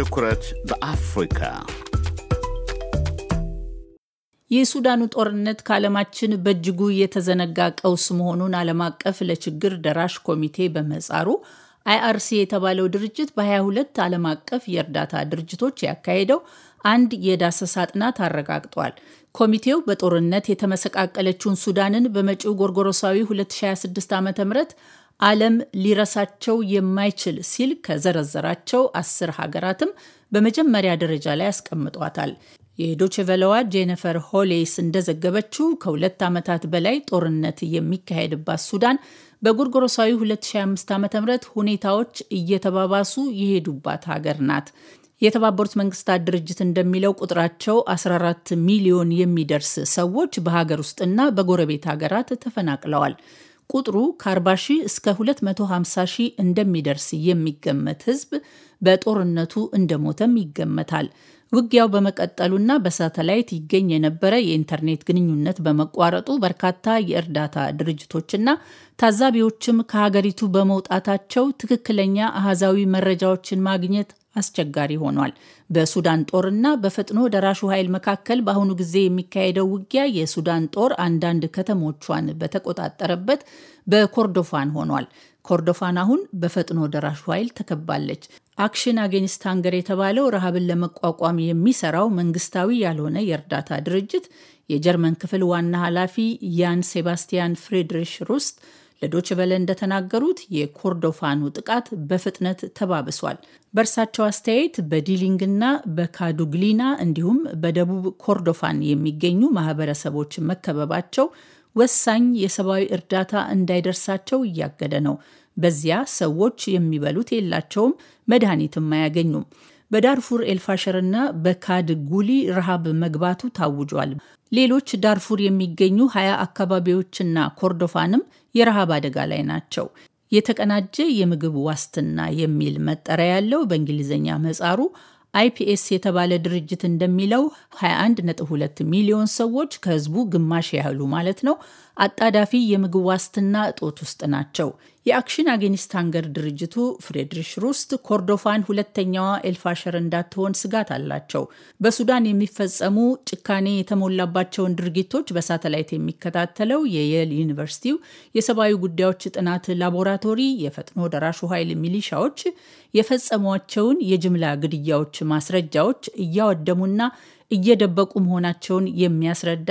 ትኩረት በአፍሪካ የሱዳኑ ጦርነት ከዓለማችን በእጅጉ የተዘነጋ ቀውስ መሆኑን ዓለም አቀፍ ለችግር ደራሽ ኮሚቴ በመጻሩ አይአርሲ የተባለው ድርጅት በ22 ዓለም አቀፍ የእርዳታ ድርጅቶች ያካሄደው አንድ የዳሰሳ ጥናት አረጋግጧል። ኮሚቴው በጦርነት የተመሰቃቀለችውን ሱዳንን በመጪው ጎርጎሮሳዊ 2026 ዓ ም ዓለም ሊረሳቸው የማይችል ሲል ከዘረዘራቸው አስር ሀገራትም በመጀመሪያ ደረጃ ላይ ያስቀምጧታል። የዶችቨለዋ ጄኒፈር ሆሌስ እንደዘገበችው ከሁለት ዓመታት በላይ ጦርነት የሚካሄድባት ሱዳን በጎርጎሮሳዊ 2005 ዓ ም ሁኔታዎች እየተባባሱ የሄዱባት ሀገር ናት። የተባበሩት መንግስታት ድርጅት እንደሚለው ቁጥራቸው 14 ሚሊዮን የሚደርስ ሰዎች በሀገር ውስጥና በጎረቤት ሀገራት ተፈናቅለዋል። ቁጥሩ ከ40 ሺህ እስከ 250 ሺህ እንደሚደርስ የሚገመት ህዝብ በጦርነቱ እንደሞተም ይገመታል። ውጊያው በመቀጠሉና በሳተላይት ይገኝ የነበረ የኢንተርኔት ግንኙነት በመቋረጡ በርካታ የእርዳታ ድርጅቶችና ታዛቢዎችም ከሀገሪቱ በመውጣታቸው ትክክለኛ አሃዛዊ መረጃዎችን ማግኘት አስቸጋሪ ሆኗል። በሱዳን ጦርና በፈጥኖ ደራሹ ኃይል መካከል በአሁኑ ጊዜ የሚካሄደው ውጊያ የሱዳን ጦር አንዳንድ ከተሞቿን በተቆጣጠረበት በኮርዶፋን ሆኗል። ኮርዶፋን አሁን በፈጥኖ ደራሹ ኃይል ተከባለች። አክሽን አጌንስት ሀንገር የተባለው ረሃብን ለመቋቋም የሚሰራው መንግስታዊ ያልሆነ የእርዳታ ድርጅት የጀርመን ክፍል ዋና ኃላፊ ያን ሴባስቲያን ፍሬድሪሽ ሩስት ለዶችቨለ እንደተናገሩት የኮርዶፋኑ ጥቃት በፍጥነት ተባብሷል። በእርሳቸው አስተያየት በዲሊንግና በካዱግሊና እንዲሁም በደቡብ ኮርዶፋን የሚገኙ ማህበረሰቦች መከበባቸው ወሳኝ የሰብአዊ እርዳታ እንዳይደርሳቸው እያገደ ነው። በዚያ ሰዎች የሚበሉት የላቸውም፣ መድኃኒትም አያገኙም። በዳርፉር ኤልፋሸር እና በካድ ጉሊ ረሃብ መግባቱ ታውጇል። ሌሎች ዳርፉር የሚገኙ ሀያ አካባቢዎችና ኮርዶፋንም የረሃብ አደጋ ላይ ናቸው። የተቀናጀ የምግብ ዋስትና የሚል መጠሪያ ያለው በእንግሊዝኛ መጻሩ አይፒኤስ የተባለ ድርጅት እንደሚለው 21.2 ሚሊዮን ሰዎች ከህዝቡ ግማሽ ያህሉ ማለት ነው አጣዳፊ የምግብ ዋስትና እጦት ውስጥ ናቸው። የአክሽን አጌኒስት ድርጅቱ ፍሬድሪሽ ሩስት ኮርዶፋን ሁለተኛዋ ኤልፋሸር እንዳትሆን ስጋት አላቸው። በሱዳን የሚፈጸሙ ጭካኔ የተሞላባቸውን ድርጊቶች በሳተላይት የሚከታተለው የየል ዩኒቨርሲቲው የሰብአዊ ጉዳዮች ጥናት ላቦራቶሪ የፈጥኖ ደራሹ ኃይል ሚሊሻዎች የፈጸሟቸውን የጅምላ ግድያዎች ማስረጃዎች እያወደሙና እየደበቁ መሆናቸውን የሚያስረዳ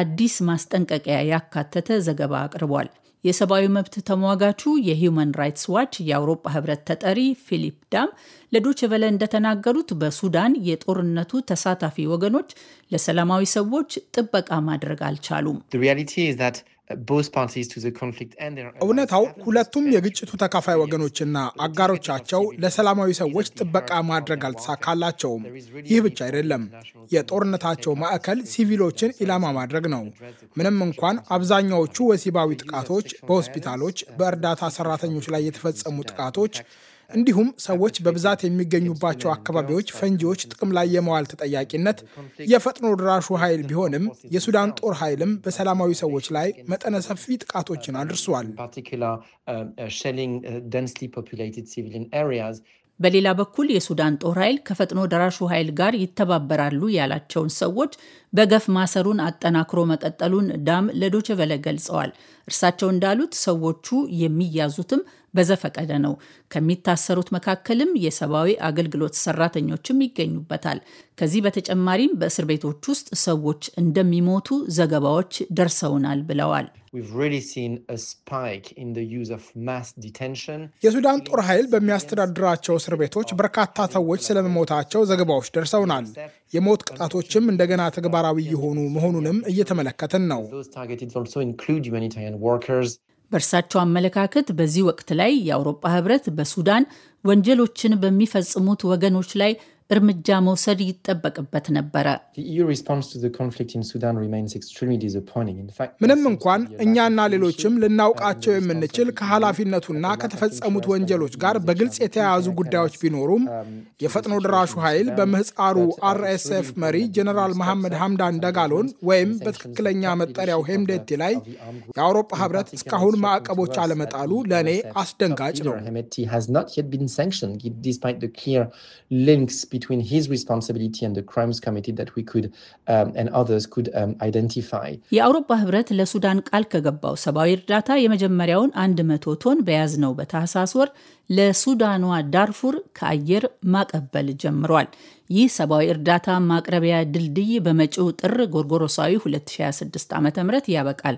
አዲስ ማስጠንቀቂያ ያካተተ ዘገባ አቅርቧል። የሰብአዊ መብት ተሟጋቹ የሂዩማን ራይትስ ዋች የአውሮፓ ህብረት ተጠሪ ፊሊፕ ዳም ለዶችቨለ እንደተናገሩት በሱዳን የጦርነቱ ተሳታፊ ወገኖች ለሰላማዊ ሰዎች ጥበቃ ማድረግ አልቻሉም። እውነታው ሁለቱም የግጭቱ ተካፋይ ወገኖችና አጋሮቻቸው ለሰላማዊ ሰዎች ጥበቃ ማድረግ አልተሳካላቸውም። ይህ ብቻ አይደለም፣ የጦርነታቸው ማዕከል ሲቪሎችን ኢላማ ማድረግ ነው። ምንም እንኳን አብዛኛዎቹ ወሲባዊ ጥቃቶች በሆስፒታሎች፣ በእርዳታ ሰራተኞች ላይ የተፈጸሙ ጥቃቶች እንዲሁም ሰዎች በብዛት የሚገኙባቸው አካባቢዎች ፈንጂዎች ጥቅም ላይ የመዋል ተጠያቂነት የፈጥኖ ድራሹ ኃይል ቢሆንም የሱዳን ጦር ኃይልም በሰላማዊ ሰዎች ላይ መጠነ ሰፊ ጥቃቶችን አድርሷል። በሌላ በኩል የሱዳን ጦር ኃይል ከፈጥኖ ደራሹ ኃይል ጋር ይተባበራሉ ያላቸውን ሰዎች በገፍ ማሰሩን አጠናክሮ መቀጠሉን ዳም ለዶችቨለ ገልጸዋል። እርሳቸው እንዳሉት ሰዎቹ የሚያዙትም በዘፈቀደ ነው። ከሚታሰሩት መካከልም የሰብአዊ አገልግሎት ሰራተኞችም ይገኙበታል። ከዚህ በተጨማሪም በእስር ቤቶች ውስጥ ሰዎች እንደሚሞቱ ዘገባዎች ደርሰውናል ብለዋል። የሱዳን ጦር ኃይል በሚያስተዳድራቸው እስር ቤቶች በርካታ ሰዎች ስለመሞታቸው ዘገባዎች ደርሰውናል። የሞት ቅጣቶችም እንደገና ተግባራዊ የሆኑ መሆኑንም እየተመለከትን ነው። በእርሳቸው አመለካከት በዚህ ወቅት ላይ የአውሮፓ ህብረት በሱዳን ወንጀሎችን በሚፈጽሙት ወገኖች ላይ እርምጃ መውሰድ ይጠበቅበት ነበረ። e ምንም እንኳን e እኛና ሌሎችም ልናውቃቸው የምንችል ከኃላፊነቱና ከተፈጸሙት ወንጀሎች ጋር በግልጽ የተያያዙ ጉዳዮች ቢኖሩም um, የፈጥኖ ድራሹ ኃይል በምህፃሩ አርኤስኤፍ መሪ ጀነራል መሐመድ ሐምዳን ደጋሎን ወይም በትክክለኛ መጠሪያው ሄምዴቲ ላይ የአውሮፓ ህብረት እስካሁን ማዕቀቦች አለመጣሉ ለእኔ አስደንጋጭ ነው። between his responsibility and the crimes committed that we could um, and others could um, identify. የአውሮፓ ህብረት ለሱዳን ቃል ከገባው ሰብአዊ እርዳታ የመጀመሪያውን 100 ቶን በያዝነው በታህሳስ ወር ለሱዳኗ ዳርፉር ከአየር ማቀበል ጀምሯል። ይህ ሰብአዊ እርዳታ ማቅረቢያ ድልድይ በመጪው ጥር ጎርጎሮሳዊ 2026 ዓ ም ያበቃል።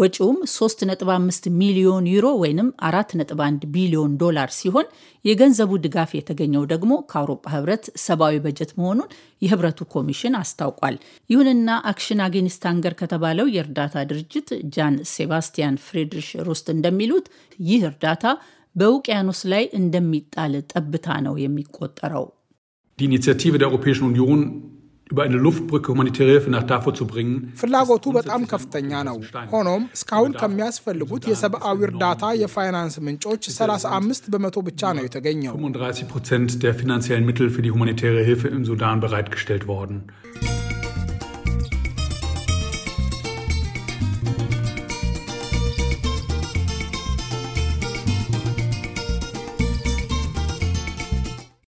ወጪውም 3.5 ሚሊዮን ዩሮ ወይም 4.1 ቢሊዮን ዶላር ሲሆን የገንዘቡ ድጋፍ የተገኘው ደግሞ ከአውሮፓ ህብረት ሰብአዊ በጀት መሆኑን የህብረቱ ኮሚሽን አስታውቋል። ይሁንና አክሽን አጌንስት ሃንገር ከተባለው የእርዳታ ድርጅት ጃን ሴባስቲያን ፍሬድሪሽ ሩስት እንደሚሉት ይህ እርዳታ በውቅያኖስ ላይ እንደሚጣል ጠብታ ነው የሚቆጠረው። die Initiative der Europäischen Union über eine Luftbrücke humanitäre Hilfe nach Darfur zu bringen. ፍላጎቱ በጣም ከፍተኛ ነው። ሆኖም እስካሁን ከሚያስፈልጉት የሰብአዊ እርዳታ የፋይናንስ ምንጮች 35 በመቶ ብቻ ነው የተገኘው። 35 Prozent der finanziellen Mittel für die humanitäre Hilfe im Sudan bereitgestellt worden.